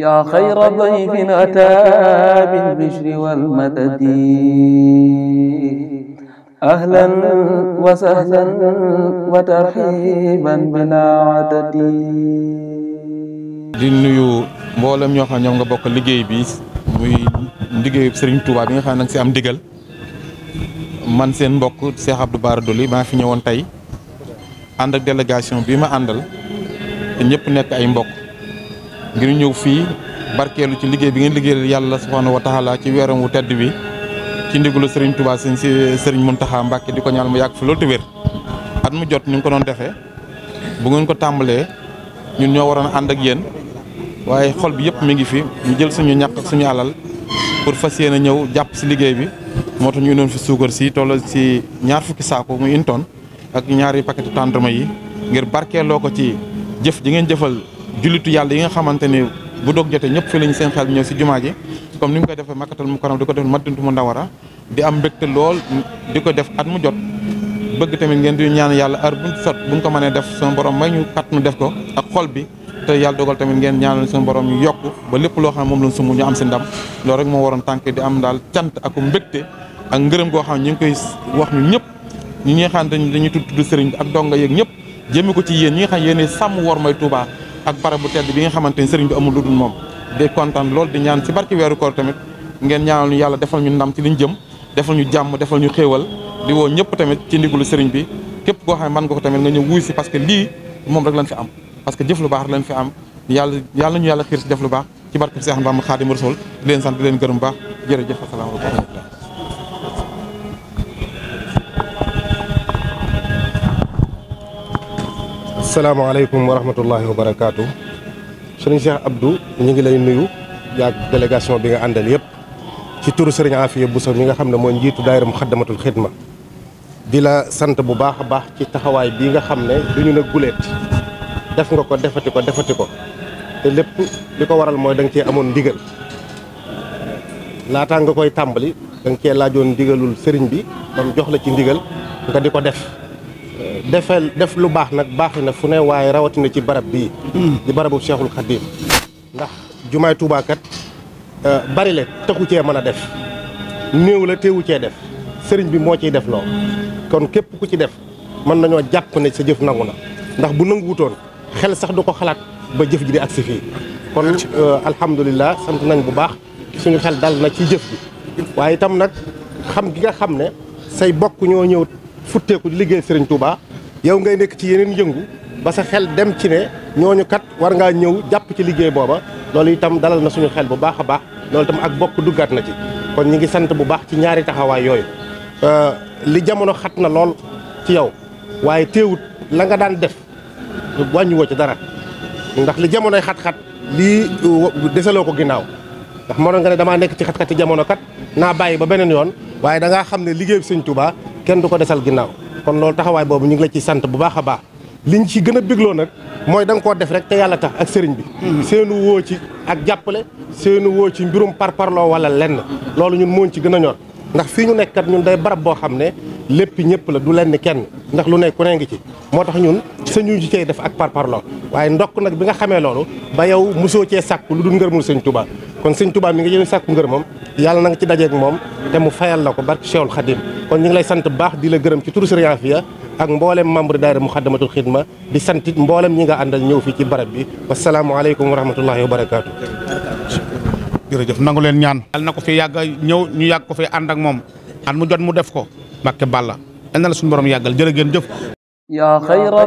yaa xayra dayfin ataa bil bishri wal madadi ahlan wa sahlan wa tarxiiban bilaa adadi di nuyu mboolem ñoo xam nga bokk liggéey bi muy liggéeyu Serigne Touba bi nga xam ne nag si am digal man seen mbokk Cheikh du Bara Dolly maa fi ñëwoon tey ànd ak délégation bi ma àndal te ñëpp nekk ay mbokk. ngir ñëw fii barkeelu ci liggéey bi ngeen liggéeyal yàlla subhaanahu wa taala ci weeram wu tedd bi ci ndigalu Serigne Touba sëñ si mun taxa Mbacké di ko ñaan mu yàgg fi loolu te wér at mu jot ni ngi ko doon defee bu ngeen ko tàmbalee ñun ñoo waroon ànd ak yéen waaye xol bi yëpp mi ngi fi ñu jël suñu ñàkk ak suñu alal pour fas yéene ñëw jàpp si liggéey bi moo tax ñu doon fi suukar si tollal si ñaar fukki saako mu une ak ñaari paquet tendrema yi ngir barkeeloo ko ci jëf ji ngeen jëfal jullitu yàlla yi nga xamante ne bu doog jotee ñëpp fi lañu seen xel ñëw si jumaa ji comme ni mu koy defee makkatal mu karam di ko def madinatu mu ndawara di am mbégte lool di ko def at mu jot bëgg tamit ngeen di ñaan yàlla heure buñ sot buñ ko mënee def sama borom may ñu kat nu def ko ak xol bi te yàlla dogal tamit ngeen ñaanal seen borom ñu yokk ba lépp loo xam ne moom lañ sumb ñu am si ndam rek moo waroon tànk di am daal cant ak mbégte ak ngërëm goo xam ne ñu ngi koy wax ñu ñëpp ñi nga xam ne dañuy tudd tudd sëriñ ak donga yeeg ñëpp jëmee ko ci yéen ñi nga xam yéen sàmm war may Tuubaa ak barab bu tedd bi nga xamante ni sëriñ bi amul lu dul moom di kontaan loolu di ñaan ci barki weeru koor tamit ngeen ñaanal ñu yàlla defal ñu ndam ci liñ jëm defal ñu jàmm defal ñu xéewal di woo ñëpp tamit ci ndigulu sëriñ bi képp koo xam ne mën nga ko tamit nga ñëw wuy si parce que lii moom rek lañ fi am parce que jëf lu baax lañ fi am yàlla yàlla ñu yàlla xiir si def lu baax ci barke Seex Bamba Xaadimu Rasuul di leen sant di leen gërëm baax jërëjëf asalaamaaleykum asalaamaaleykum wa rahmatullahi wa barakaatu. sëriñ Cheikh Abdou ñu ngi lay nuyu yaag délégation bi nga àndal yëpp ci turu sëriñ bu Bousso mi nga xam ne mooy njiitu daayira Muxaddamatul Xidma di la sant bu baax a baax ci taxawaay bii nga xam ne du ne guleet def nga ko defati ko defati ko te lépp li ko waral mooy danga cee amoon ndigal naataa nga koy tàmbali da cee laajoon ndigalul sëriñ bi bam jox la ci ndigal nga di ko def defal def lu baax nag baaxi na fu ne waaye rawatina ci barab bii hmm. di barabu seexul Khadim ndax jumaay Tuubaa kat euh, bari la taxu cee mën a def néew la teewu cee def sëriñ bi moo ciy def loo kon képp ku ci def mën nañoo jàpp ne sa jëf nangu na ndax bu nanguwutoon xel sax du ko xalaat ba jëf ji di agsi fii kon euh, alhamdulilah sant nañ bu baax suñu xel dal na ci jëf bi waaye itam nag xam gi nga xam ne say bokk ñoo ñëw futteeku liggéey Serigne Touba yow ngay nekk ci yeneen jëngu ba xel dem ci ne ñooñu kat war ngaa ñëw jàpp ci liggéey booba loolu itam dalal na suñu xel bu baax a baax loolu itam ak bokk duggaat na ci kon ñi ngi sant bu baax ci ñaari taxawaay yooyu euh, li jamono xat na lool ci yow waaye teewut la nga daan def wàññiwoo ci dara ndax li jamonoy xat-xat lii desaloo ko ginnaaw ndax mënoon nga ne damaa nekk ci xat ci jamono kat naa bàyyi ba beneen yoon waaye da xam ne liggéey bi sëñ Touba kenn du ko desal ginnaaw kon loolu taxawaay boobu ñu ngi la ci sant bu baax a baax liñ ci gën a bégloo nag mooy danga koo def rek te yàlla tax ak sëriñ bi mhm. seenu woo ci ak jàppale seenu woo ci mbirum parparloo wala lenn loolu ñun mooñ ci gën a ñor ndax fii ñu nekkat ñun day barab boo xam ne lépp ñëpp la du lenn kenn ndax lu nekk ku ne ngi ci moo tax ñun sëñu ci cey def ak par parloo waaye ndokk nag bi nga xamee loolu ba yow mosoo cee sàkk lu dul ngërmul sëñ Touba kon sëñ Tuubaa mi nga yéen sàkku ngërëmam yal na nga ci dajeek moom te mu fayal la ko barke Cheikhul Khadim kon ñu ngi lay sant baax di la gërëm ci turu Sëriñ Afia ak mboolem membre daayira Muxaddamatul Xidma di sant mbooleem mboolem ñi nga àndal ñëw fii ci barab bi wasalaamualeykum wa rahmatullahi wa barakaatu. jërëjëf nangu leen ñaan. yàlla na ko fi yàgg ñëw ñu yàgg ko fi ànd ak moom an mu jot mu def ko Mbàkke Balla yal na la suñu borom yàggal jërë ngeen jëf. yaa xayra